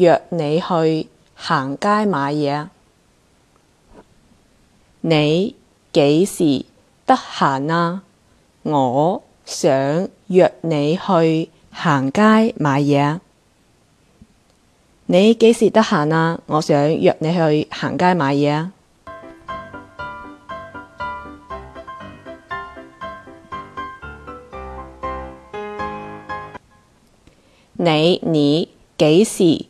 約你去行街買嘢啊？你幾時得閒啊？我想約你去行街買嘢啊！你幾時得閒啊？我想約你去行街買嘢啊！你，你幾時？